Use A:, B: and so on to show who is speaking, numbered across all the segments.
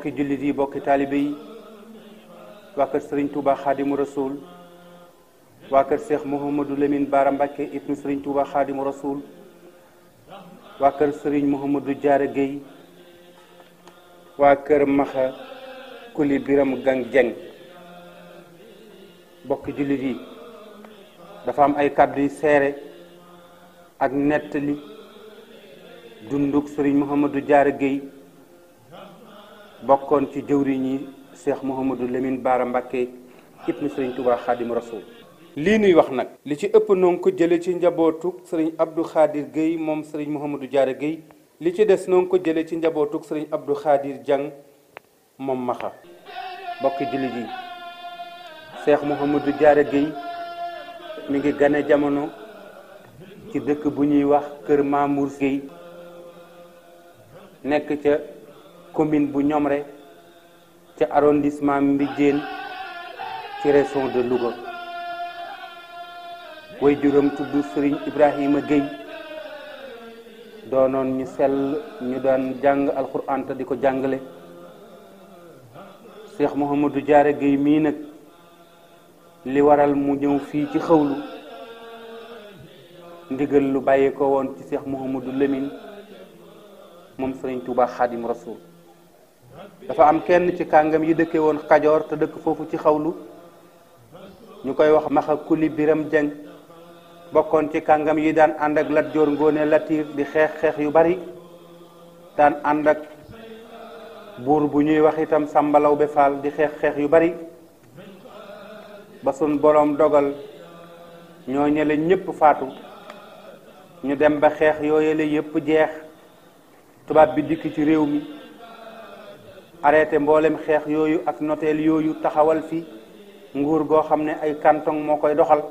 A: bokki jullit yi bokki taalibe yi waa kër sëriñ Touba xaadimu rasul waa kër seex Mouhamadou Lamine Bara Mbacke ibnu sëriñ Touba xaadimu rasul waa waa kër Maxa Kuli Biram Gang Jeng bokki jullit yi dafa am ay kàddu seere ak nettali dunduk sëriñ Mouhamadou Diarra Gueye bokkoon ci jëwriñ yi Cheikh Mouhamadou Lamine Bara Mbacké ibnu Sëriñ Touba Xaadim Rasul lii nuy wax nag li ci ëpp noo ngi ko jële ci njabootuk sëriñ Abdou Khadir Gueye moom sëriñ Mouhamadou Diarra li ci des noo ngi ci njabootuk sëriñ Abdou Khadir Diang moom maxa bokki jullit yi Cheikh Mouhamadou Diarra Gueye mi ngi gane jamono ci dëkk bu ñuy wax kër Mamour Gueye nekk ca commune bu Ñomre ca arrondissement Mbijeen ci région de Louga way juróom tudd Serigne Ibrahima Gueye doonoon ñu sell ñu daan jàng alxuraan te di ko jàngale Cheikh Mouhamadou Diarra Gueye mii nag li waral mu ñëw fii ci xawlu ndigal lu bàyyi ko woon ci Cheikh Mouhamadou Lamine moom Serigne Touba Khadim Rasoul dafa am kenn ci kàngam yi dëkke woon kajoor te dëkk foofu ci xawlu ñu koy wax maxa kuli biram jeng bokkoon ci kàngam yi daan ànd ak Lat Joor Latiir di xeex xeex yu bari daan ànd ak buur bu ñuy wax itam sàmbalaw be di xeex xeex yu bari ba sun boroom dogal ñoo ñële ñépp faatu ñu dem ba xeex yooyale yépp jeex tubaab bi dikk ci réew mi arrêté mboolem xeex yooyu ak noteel yooyu taxawal fi nguur goo xam ne ay canton moo koy doxal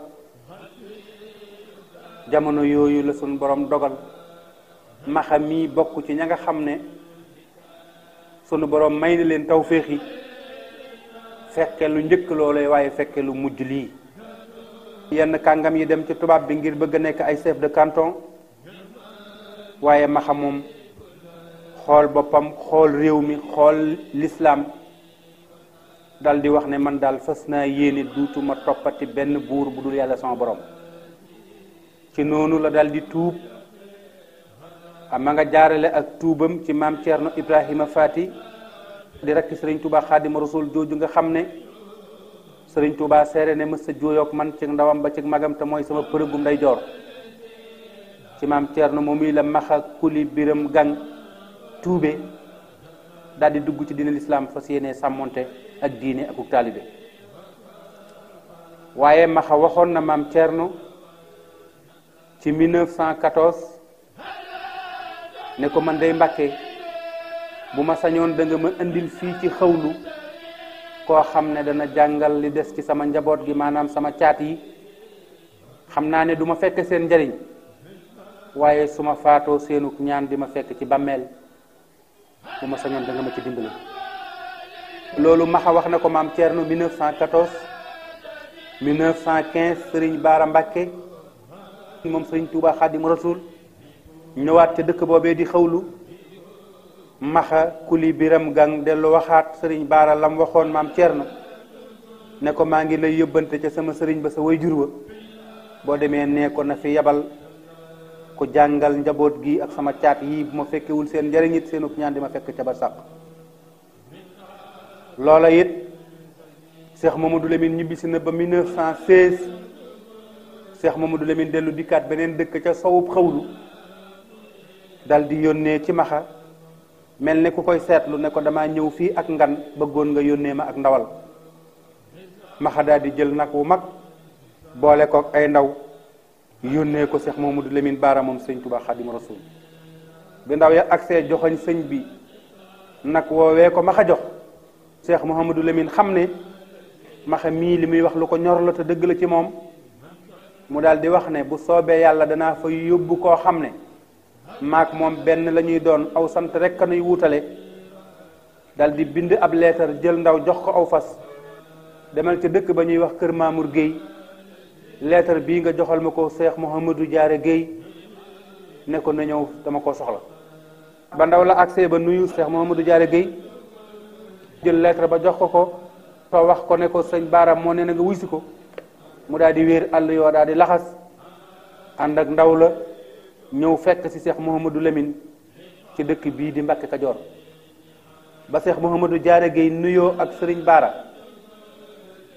A: jamono yooyu la suñ boroom dogal maxam mii bokk ci ña nga xam ne sunu boroom may na leen tawféex yi fekke lu njëkk loolee waaye fekke lu mujj lii yenn kàngam yi dem ci tubaab bi ngir bëgg a nekk ay chef de canton waaye maxa moom xool boppam xool réew mi xool lislaam daldi wax ne man daal fas naa yéene duutuma toppati benn buur bu dul yàlla sama borom ci noonu la dal di tuub ah, ma nga jaarale ak tuubam ci maam Thierno Ibrahima Fati di rakki sëriñ Touba Xaadima Rasul jooju nga xam ne sëriñ Touba seere ne mës sa man ci ndawam ba ci magam te mooy sama përëgum day joor ci maam Thierno moom la maxa kuli biram gang tuube daal di dugg ci diine lislaam fas yéene sàmmonte ak diine ak uk taalibe waaye maxa waxoon na maam Thierno ci 1914 ne ko man dey mbakke bu ma sañoon danga ma indil fii ci xawlu koo xam ne dana jàngal li des ci sama njaboot gi maanaam sama caat yi xam naa ne duma fekk seen njariñ waaye su ma faatoo seenu ñaan di ma fekk ci bàmmeel bu ma sañoon da nga ma ci dimbali loolu maxa wax na ko maam na Thierno 1914 1915 Serigne Bara Mbacké moom Serigne Touba Khadim Rasoul ñëwaat ca dëkk boobee di xawlu maxa kuli biram gang dellu waxaat Serigne baara lam waxoon maam na ne ko maa ngi lay yëbbante ca sama Serigne ba sa way jur wa boo demee nee ko na fi yabal ko jangal njabot gi ak sama chat yi buma fekke wul sen jarignit senu ñaan di fekk ci ba sax lola yit Cheikh Mamadou Lamine ci na ba 1916 Cheikh Mamadou Lamine dellu dikkaat benen dekk ca xawlu dal di yonne ci maxa melne ku koy setlu ne ko dama ñew fi ak ngan beggon nga yonne ma ak ndawal maxa dal di jël nak wu mak boole ko ay ndaw yónnee ko Cheikh Mamadou Lamine Baara moom sëñ Touba Xaadimu Rasuul bi ndaw ya accès joxoñ sëñ bi nag woowee ko maxa jox Cheikh Mouhamadou lemin xam ne maxa mii li muy wax lu ko ñor la te dëgg la ci moom mu daal di wax ne bu soobee yàlla danaa fa yóbbu koo xam ne maak moom benn la ñuy doon aw sant rek ka nuy wuutale daal di bind ab leetar jël ndaw jox ko aw fas demal ca dëkk ba ñuy wax kër Mamour Guèye lettre bii nga joxal ma ko Cheikh Mouhamadou Diarra Guèye ne ko na ñëw dama koo soxla ba ndaw la accès ba nuyu Cheikh Mouhamadou Diarra Guèye jël lettre ba jox ko ko fa wax ko ne ko sëñ baaram moo ne na nga wuy si ko mu daal di wéer àll yoo daal di laxas ànd ak ndaw la ñëw fekk si Cheikh Mouhamadou Lamine ci dëkk bii di Mbacke Kajoor ba Cheikh Mouhamadou Diarra géey nuyoo ak sëriñ baara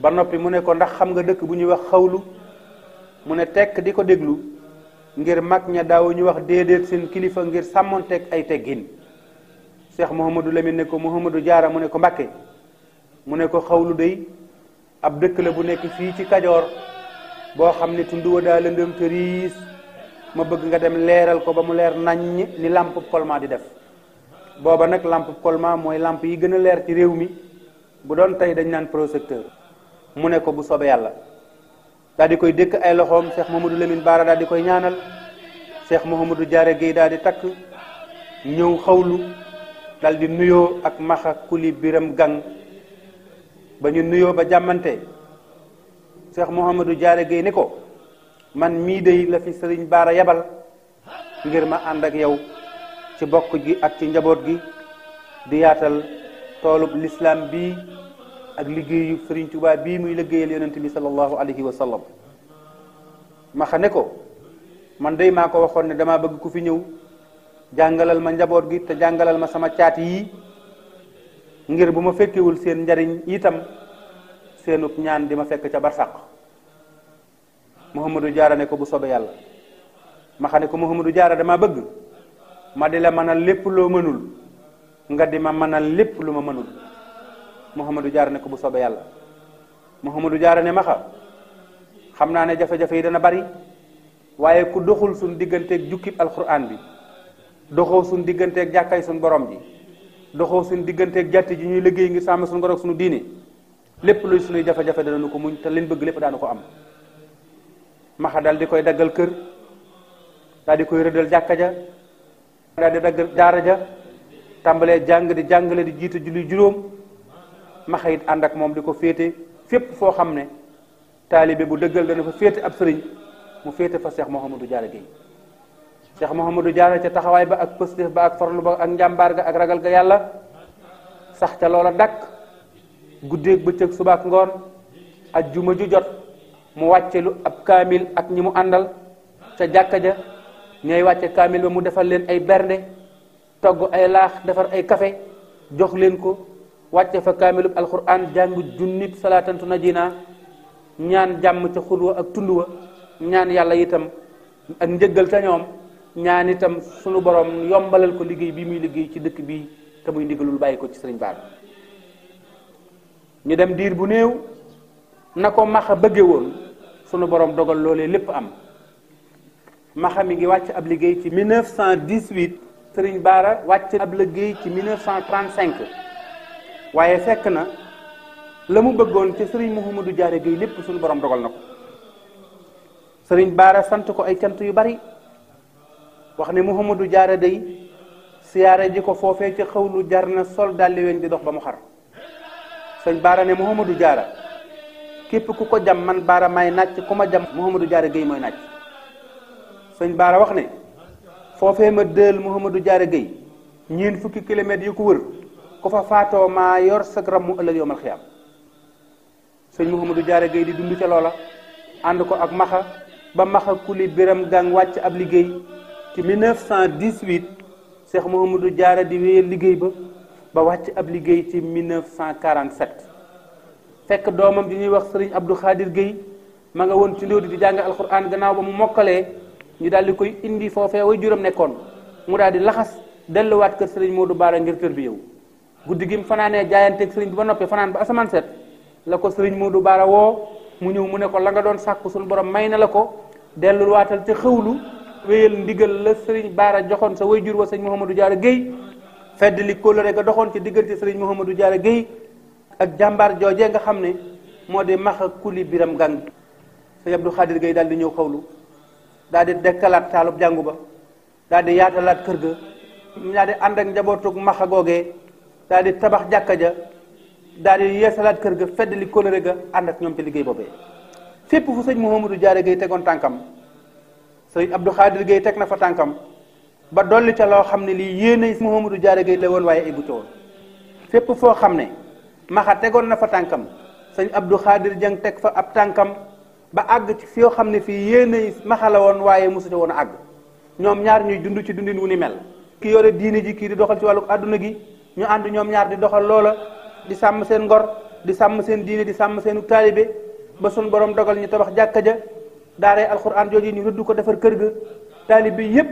A: ba noppi mu ne ko ndax xam nga dëkk bu ñuy wax xawlu mu ne tekk di ko déglu ngir mag ña daaw ñu wax déedéet seen kilifa ngir sàmmonteeg ay teggin Cheikh Mouhamadou Lamine ne ko Mouhamadou jaara mu ne ko Mbakke mu ne ko xaw lu dey ab dëkk la bu nekk fii ci Kajoor boo xam ne tund wa daa lëndëm te ma bëgg nga dem leeral ko ba mu leer naññ ni làmp kolma di def booba nag làmp kolma mooy làmp yi gën a leer ci réew mi bu doon tey dañ naan projecteur mu ne ko bu soobee yàlla daal koy dëkk ay loxoom Cheikh Mouhamadou Lamine Bara daal koy ñaanal Cheikh Mouhamadou Diarra Guèye daal di takk ñëw xawlu daal di nuyoo ak maxa kuli biram gang ba ñu nuyoo ba jàmmante Cheikh Mouhamadou Diarra Guèye ni ko man mii dey la fi Sëriñ Bara yabal ngir ma ànd ak yow ci bokk gi ak ci njaboot gi di yaatal toolub lislaam bi ak liggéeyu Serigne Touba bii muy liggéeyal yonent bi sallallahu alayhi wa sallam ma xane ko man day maa ko waxoon ne dama bëgg ku fi ñëw jàngalal ma njaboot gi te jàngalal ma sama caat yi ngir bu ma fekkewul seen njariñ itam seenub ñaan di ma fekk ca barsàq muhammadu jaara ne ko bu sobe yàlla ma xane ko muhammadu jaara dama bëgg ma di la mënal lépp loo mënul nga di ma mënal lépp lu ma mënul Muhammadu jaar ne ko bu sobe yàlla muhammadu jaar ne maxa xam naa ne jafe-jafe yi dana bari waaye ku doxul suñ digganteeg jukkib alquran bi doxoo suñ digganteeg jàkkay sun borom ji doxoo suñ digganteeg jatti ji ñuy liggéey ngi sàmm sun ngor sunu suñu diine lépp luy suñuy jafe-jafe danañu ko muñ te liñ bëgg lépp daanu ko am maxa dal di koy daggal kër daal di koy rëddal jàkka ja daal di daggal daara ja tàmbalee jàng di jàngale di jiite julli juróom maxa it ànd ak moom di ko féete fépp foo xam ne taalibe bu dëggal dana fa féete ab sëriñ mu féete fa Cheikh Mouhamadou Diarra Guèye Cheikh Mouhamadou Diarra ca taxawaay ba ak pëstéef ba ak farlu ba ak njàmbaar ga ak ragal yàlla sax ca loola dakk guddeeg bëccëg subaak ngoon ajjuma ju jot mu wàcce lu ab kaamil ak ñi mu àndal ca jàkka ja ñooy wàcce kaamil ba mu defal leen ay bernde togg ay laax defar ay kafe jox leen ko wàcce fa kaamilub alquran jàng junnit salaatantu najina ñaan jàmm ca xurwa ak tund wa ñaan yàlla itam ak njëggal ca ñoom ñaan itam sunu borom yombalal ko liggéey bi muy liggéey ci dëkk bi te muy ndigalul bàyyi ko ci sëriñ baar ñu dem diir bu néew na ko maxa bëgge woon sunu borom dogal loolee lépp am maxa mi ngi wàcc ab liggéey ci 1918 sëriñ baara wàcc ab liggéey ci 1935 waaye fekk na la mu bëggoon ca sëriñ Mouhamadou Diarra Gueye lépp suñu borom dogal na ko sëriñ Baara sant ko ay cant yu bari wax ne Mouhamadou Diarra dey siyaare ji ko foofee ca xawlu jar na sol dalli weñ di dox ba mu xar sëñ Baara ne Mouhamadou Diarra képp ku ko jam man Baara may nàcc ku ma jam Mouhamadou Diarra Gueye mooy nàcc sëñ Baara wax ne foofee ma dël Mouhamadou Diarra Gueye ñeent fukki kilomètres yu ko wër ku fa faatoo maa yor sa ram mu ëllëg yowmal mu sëñ Mouhamadou Diarra Gueye di dund ca la ànd ko ak maxa ba maxa kuli biram gang wàcc ab liggéey ci 1918 Cheikh Mouhamadou Diarra di wéyal liggéey ba ba wàcc ab liggéey ci 1947 fekk doomam di ñuy wax sëriñ Abdou Khadir Gueye ma nga woon ci ndóodi di jàng alxuraan gannaaw ba mu mokkalee ñu daal di koy indi foofee way juróom nekkoon mu daal di laxas delluwaat kër moo du Bara ngir tër bi yow guddi gi mu fanaanee jaayanteeg sëriñ bi ba noppi fanaan ba asamaan set la ko sëriñ du Bara woo mu ñëw mu ne ko la nga doon sàkku suñu borom may na la ko dellul waatal ci xëwlu wéyal ndigal la sëriñ Bara joxoon sa way jur wa sëriñ Mouhamadou Diarra Guèye fedd li kóllëre ga doxoon ci diggante sëriñ Mouhamadou Diarra Guèye ak jàmbaar joojee nga xam ne moo di max a kuli biram gang sëriñ Abdou Khadir Guèye daal di ñëw xawlu daal di dekkalaat taalub jàngu ba daal di yaatalaat kër ga daal di ànd googee daal di tabax jàkka ja daal di yeesalaat kër ga feddali kóllëre ga ànd ak ñoom ci liggéey boobee fépp fu sëñ Mouhamadou Diarra Gueye tegoon tànkam sëñ Abdou Khadir Gueye teg na fa tànkam ba dolli ca loo xam ne lii yéene sëñ Mouhamadou Diarra Gueye la woon waaye eggu ca fépp foo xam ne maxa tegoon na fa tànkam sëñ Abdou Khadir Dieng teg fa ab tànkam ba àgg ci yoo xam ne fii yéene maxa la woon waaye mosu ca woon a àgg ñoom ñaar ñuy dund ci dundin wu ni mel ki yore diine ji kii di doxal ci wàllu àdduna gi ñu ànd ñoom ñaar di doxal loola di sàmm seen ngor di sàmm seen diine di sàmm seenu taalibe ba sun borom dogal ñu tabax jàkka ja daaree alxuraan jooju ñu rëdd ko defar kër ga taalibe yépp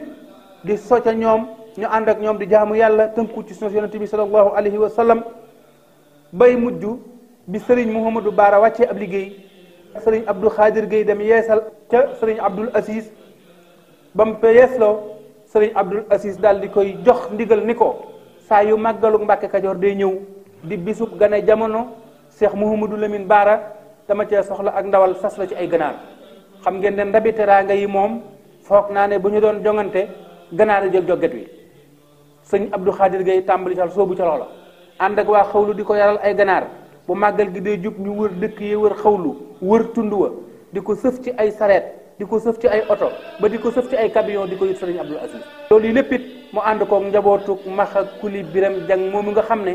A: di soca ñoom ñu ànd ak ñoom di jaamu yàlla tënku ci sunna yonente bi sallallahu alayhi wa sallam bay mujj bi sëriñ Mouhamadou Baara wàccee ab liggéey sëriñ Abdou Khadir Gueye dem yeesal ca sëriñ Abdoul Aziz ba mu yeesloo sëriñ Abdoul Aziz daal di koy jox ndigal ni ko sa yu màggalug Mbàkke Kajoor day ñew di bisub gané jamono Cheikh Mouhamadou Lamine bara dama ci soxla ak ndawal sas la ci ay gënal xam ngeen ne ndabi teranga yi mom fokk na ne buñu doon jongante gënal jël jogget wi seigne Abdou Khadir gay tambali ca sobu ci lolo and ak wa xawlu diko yaral ay gënal bu magal gi dee jup ñu wër dekk yi wër xawlu wër tundu wa diko seuf ci ay saret diko seuf ci ay auto ba diko seuf ci ay camion diko yit Abdou Aziz loolu lépp mu ànd koog njabootuk max ak kuli biram jang moom nga xam ne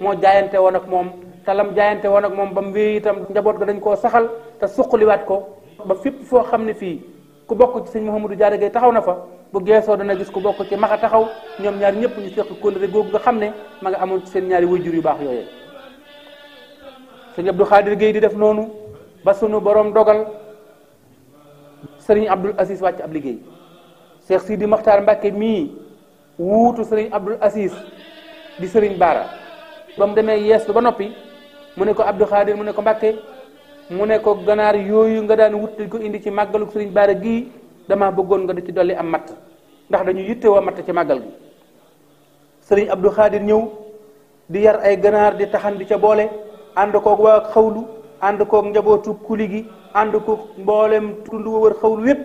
A: moo jaayante woon ak moom talam lam jaayante woon moom ba mu wéy itam njaboot ga dañ koo saxal te suqaliwaat ko ba fépp foo xam ne fii ku bokk ci sëñ Mouhamadou Diarra Gueye taxaw na fa bu geesoo dana gis ku bokk ci maxa taxaw ñoom ñaar ñëpp ñu seq kóllëre googu nga xam ne ma nga amoon ci seen ñaari wayjur yu baax yooyee sëñ Abdou Khadir Gueye di def noonu ba sunu borom dogal sëriñ Abdoul Aziz wàcc ab liggéey Cheikh wuutu sëriñ Abdul Asis di sëriñ Baara ba mu demee yeesu ba noppi mu ne ko Abdou Khadir mu ne ko Mbàkke mu ne ko ganaar yooyu nga daan wut ko indi ci màggalu sëriñ Baara gii dama bëggoon nga di ci dolli am matt ndax dañu yitte woo matt ci màggal gi sëriñ Abdou Khadir ñëw di yar ay ganaar di taxan di ca boole ànd koog waa xawlu ànd koog njabootu kuli gi ànd koog mboolem tund wër xawlu yépp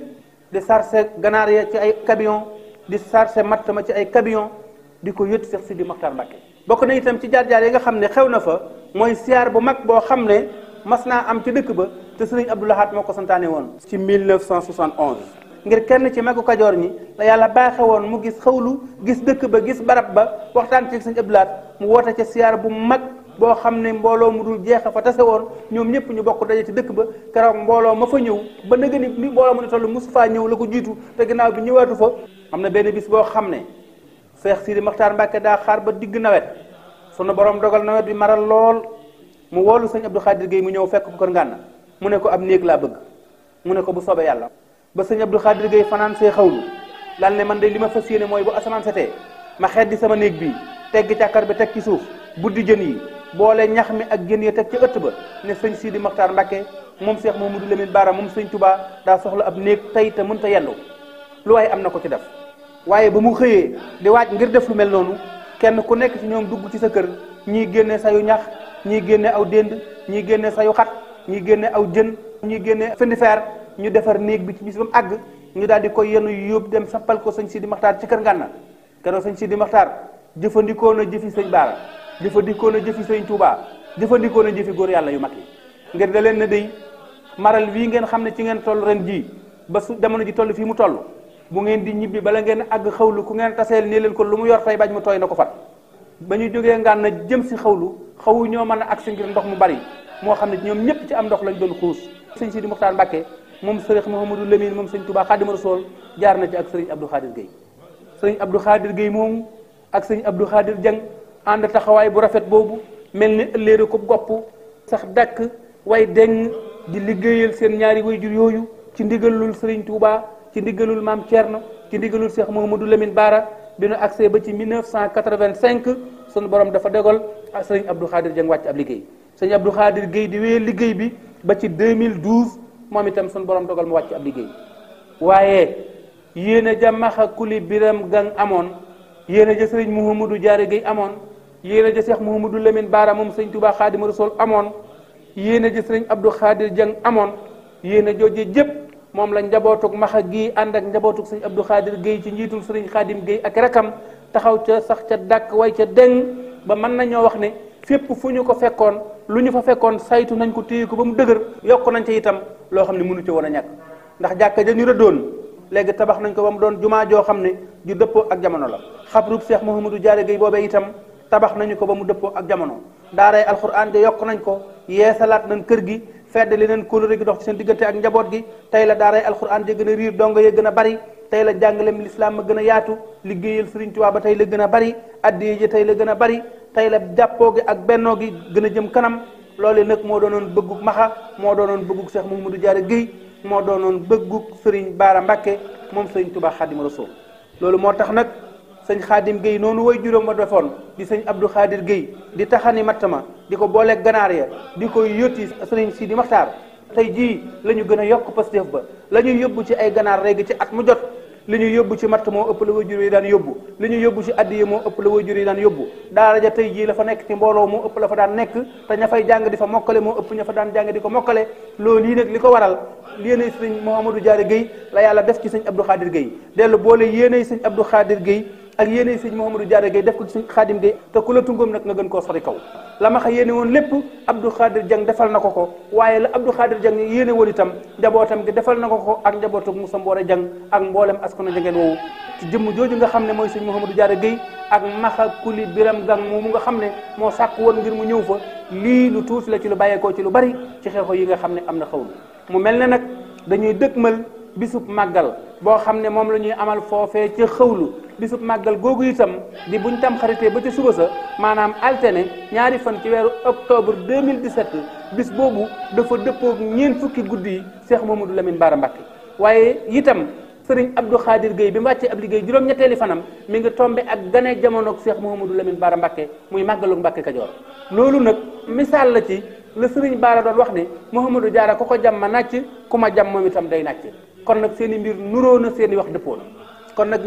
A: di sarse ganaar ya ci ay kabiyon di chargé mat sama ci ay camion di ko yët Cheikh Sidi Mokhtar Mbacké bokk na itam ci jaar-jaar yi nga xam ne xew na fa mooy siyaar bu mag boo xam ne mas naa am ci dëkk ba te sëriñ Abdou Lahad moo ko santaane woon ci 1971 ngir kenn ci magu kajoor ñi la yàlla baaxe woon mu gis xawlu gis dëkk ba gis barab ba waxtaan ci sëriñ Abdou Lahad mu woote ca siyaar bu mag boo xam ne mbooloo mu dul jeex a fa tase woon ñoom ñëpp ñu bokk daje ci dëkk ba keroog mbooloo ma fa ñëw ba nëgëni mbooloo mu ne toll mosu faa ñëw la ko jiitu te ginnaaw bi ñëwaatu fa am na benn bis boo xam ne Seex Sidi Maxtaar Mbàkke daa xaar ba digg nawet sunu borom dogal nawet bi maral lool mu woolu sëñ Abdou Khadir mu ñëw fekk ko kër ngaana mu ne ko ab néeg laa bëgg mu ne ko bu soobee yàlla ba sëñ Abdou Khadir Gueye fanaan see xawlu daal ne man de li ma fas yéene mooy bu asamaan setee ma xeet di sama néeg bii tegg càkkar bi teg ci suuf buddi jën yi boole ñax mi ak jën yi teg ca ëtt ba ne sëñ di Maxtaar Mbàkke moom Seex Mamadou Lamine Baara moom sëñ Touba daa soxla ab néeg tey te mënta yendu lu waaye am na ko ci def waaye ba mu xëyee di waaj ngir def lu mel noonu kenn ku nekk ci ñoom dugg ci sa kër ñii génne sayu ñax ñii génne aw dénd ñii génne yu xat ñii génne aw jën ñii génne fendifeer ñu defar néeg bi ci bis ba mu àgg ñu daal di koy yenu yóbbu dem sappal ko sëñ Sidi Maxtaar ci kër Ngànna keroog sëñ Sidi Maxtaar jëfandikoo na jëfi sëñ Baara jëfandikoo na jëfi sëñ Touba jëfandikoo na jëfi góor yàlla yu mag yi ngir da leen ne day maral wii ngeen xam ne ci ngeen toll ren jii ba su jamono ji toll fii mu toll bu ngeen di ñibbi bala ngeen àgg xawlu ku ngeen taseel nii leen ko lu mu yor tey bañ mu tooy na ko fat ba ñu jógee ngaan na jëm si xawlu xawu ñoo mën a agsi ngir ndox mu bari moo xam ne ñoom ñëpp ci am ndox lañ doon xuus sëñ Sidi Muxtaar Mbàkke moom sëriñ Mouhamadou Lamine moom sëñ Touba Xaadimu Rasuul jaar na ci ak sëriñ Abdou Khadir Gueye sëriñ Abdou Khadir Gueye moomu ak sëriñ Abdou Khadir Jang ànd taxawaay bu rafet boobu mel ni ëlléeri ko gopp sax dakk way deng di liggéeyal seen ñaari wayjur yooyu ci ndigalul sëriñ Touba ci ndigalul maam Thierno ci ndigalul Cheikh Mouhamadou Lamine Bara bi nu accès ba ci 1985 sunu borom dafa dogal ak ah, sëriñ Abdou Khadir Dieng wàcc ab liggéey sëriñ Abdou Khadir Guèye di wéyal liggéey bi ba ci 2012 moom itam sunu borom dogal mu wàcc ab liggéey waaye yéen a ja maxa kuli biram gang amoon yéen a ja sëriñ Mouhamadou Diaré Guèye amoon yéen a ja Cheikh Mouhamadou Lamine Bara moom sëriñ Touba Khadim Rasoul amoon yéen a ja sëriñ Abdou Khadir Dieng amoon yéen a jooje jëpp. moom la njabootug maxa gii ànd ak njabootug sëñ Abdou Khadir Guèye ci njiitul sëriñ Khadim Guèye ak rakam taxaw ca sax ca dàkk way ca déng ba mën nañoo wax ne fépp fu ñu ko fekkoon lu ñu fa fekkoon saytu nañ ko téye ko ba mu dëgër yokk nañ ca itam loo ne mënu ca a ñàkk ndax jàkka ja ñu rëddoon léegi tabax nañ ko ba mu doon jumaa joo xam ne ju dëppoo ak jamono la xabrub Cheikh Mouhamadou Diarra Guèye boobee itam tabax nañu ko ba mu dëppoo ak jamono yokk nañ ko yeesalaat nañ kër gi fedd li neen kóllëre gi dox ci seen diggante ak njaboot gi tey la daaray alxuraan di gën a riir dongo yee gën a bari tey la jàngalem lislaam a gën a yaatu liggéeyal Sëriñ Tuubaa ba tey la gën a bari addiye ji tey la gën a bari tey la jàppoo gi ak bennoo gi gën a jëm kanam loole nag moo doon doonoon bëggug maxa moo doon doonoon bëggug Cheikh Mamadou a Guèye moo doonoon bëggug Sëriñ Baara Mbàkke moom Sëriñ Tuubaa Xaadimu Rasuul loolu moo tax nag sëñ xaadim géey noonu way juróom ma defoon di sëñ Abdou Khadir géey di taxani matt ma di ko booleeg ganaar ya di ko yotti sëriñ si di maxtaar tey jii la ñu gën a yokk pastef ba la ñuy yóbbu ci ay ganaar rek ci at mu jot li ñuy yóbbu ci matt moo ëpp la way jur yi daan yóbbu li ñuy yóbbu ci addiye moo ëpp la way jur yi daan yóbbu daara ja tey jii la fa nekk ci mbooloo moo ëpp la fa daan nekk te ña fay jàng di fa mokkale moo ëpp ña fa daan jàng ko mokkale loolu yi nag li ko waral yéenay sëñ Mouhamadou Diarra Guèye la yàlla def ci sëñ Abdou Khadir Guèye dellu boole yéenay sëñ Abdou Khadir Guèye ak yene seigne Mouhamadou Diarra gay def ko ci sëñ Xaadim Gueye te ko la ngom nak nga gën ko sori kaw la ma xa yéene lépp Abdou Khadir jang defal nako ko waye la Abdou Khadir jang yene woon itam njabotam gi defal nako ko ak njabootu musa mbore jang ak mboolem askanu jangen wo ci jëm joju nga xamne moy seigne sëñ Mouhamadou gay ak maxa kuli biram gang moomu nga xamne mo sakku won ngir mu ñëw fa li lu tuuti la ci lu baye ko ci lu bari ci xexo yi nga xamne amna xawlu mu melne nak dañuy dëkkmal bisub magal bo xamne mom lañuy amal fofé ci xawlu bisub màggal googu itam di buñ tam xaritee ba ci suba sa maanaam altine ñaari fan ci weeru octobre 2017 bis boobu dafa dëppoog ñeent fukki guddi yi Cheikh Mamadou Lamine Bara Mbacké waaye itam sëriñ Abdou Khadir géey bi mu wàccee ab liggéey juróom-ñetteeli fanam mi ngi tombé ak gane jamonoog Cheikh Mamadou Lamine Bara Mbacké muy màggalug Mbacké Kajoor loolu nag misaal la ci la sëriñ baara doon wax ne Mouhamadou Diarra ku ko jàmm ma nàcc ku ma jàmm moom itam day nàcc kon nag seen i mbir nuróo na seen wax dëppoo na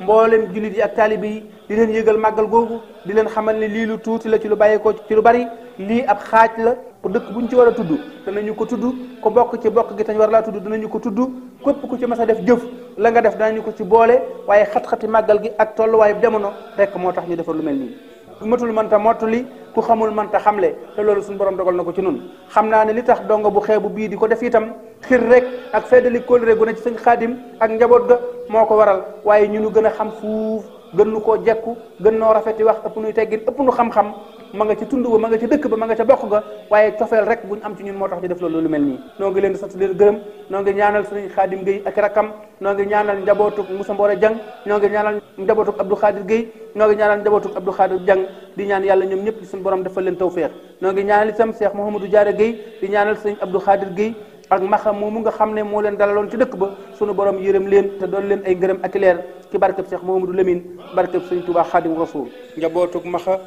A: mboolem jullit yi ak taalibe yi di leen yëgal màggal googu di leen xamal ne lii lu tuuti la ci lu bàyyeekoo ci lu bari lii ab xaaj la pour dëkk buñ ci war a tudd danañu ko tudd ko bokk ci bokk gi tañ war laa tudd danañu ko tudd képp ku ci mas a def jëf la nga def danañu ko ci boole waaye xat-xati màggal gi ak tolluwaayu demono rekk moo tax ñu defar lu mel nii matul manta mottali ku xamul manta xamle te loolu sun borom dogal nako ci nun xamna ne li tax dongo bu xebu bi di ko def itam xir rek ak fedeli kóol gu ne ci sëñ khadim ak njabot ga moko waral waye nu gën xam fuuf gën nu koo jekku gën noo rafeti wax ëpp nuy teggin ëpp nu xam-xam ma nga ci tund ba ma nga ci dëkk ba ma nga ca bokk ga waaye cofeel rek bu ñu am ci ñun moo tax ñu def loolu lu mel nii noo leen di sant leen gërëm noo ngi ñaanal suñu xaadim Guèye ak rakam noo ngi ñaanal njabootuk Moussa Mbora Diang noo ngi ñaanal njabootuk Abdou Khadir Guèye noo ngi ñaanal njabootuk Abdou Khadir Diang di ñaan yàlla ñoom ñëpp suñu borom defal leen tawféex noo ngi ñaanal itam Cheikh Mouhamadou Diarra Guèye di ñaanal sëñ Abdou Khadir Guèye ak maxam moomu nga xam ne moo leen dalaloon ci dëkk ba sunu boroom yërëm leen te doon leen ay ngërëm ak leer ci barkeb Cheikh du Lamine barkeb Sëñ Touba Xaadim Rasul njabootug maxa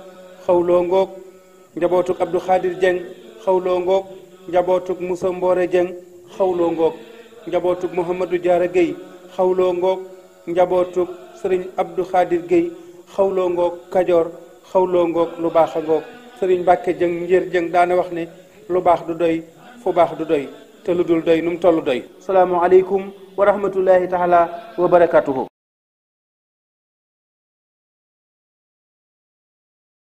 A: xawloo ngoog njabootug Abdou Khadir Dieng xawloo ngoog njabootug Moussa Mboore Dieng xawloo ngoog njabootug Mouhamadou Diarra Guèye xawloo ngoog njabootug Serigne Abdou Khadir Guèye xawloo ngoog Kajoor xawloo ngoog lu baax a ngoog sëriñ Mbacke Dieng njër jëng daane wax ne lu baax du doy fu baax du doy تلو دول داي نم تلو داي السلام عليكم ورحمه الله تعالى وبركاته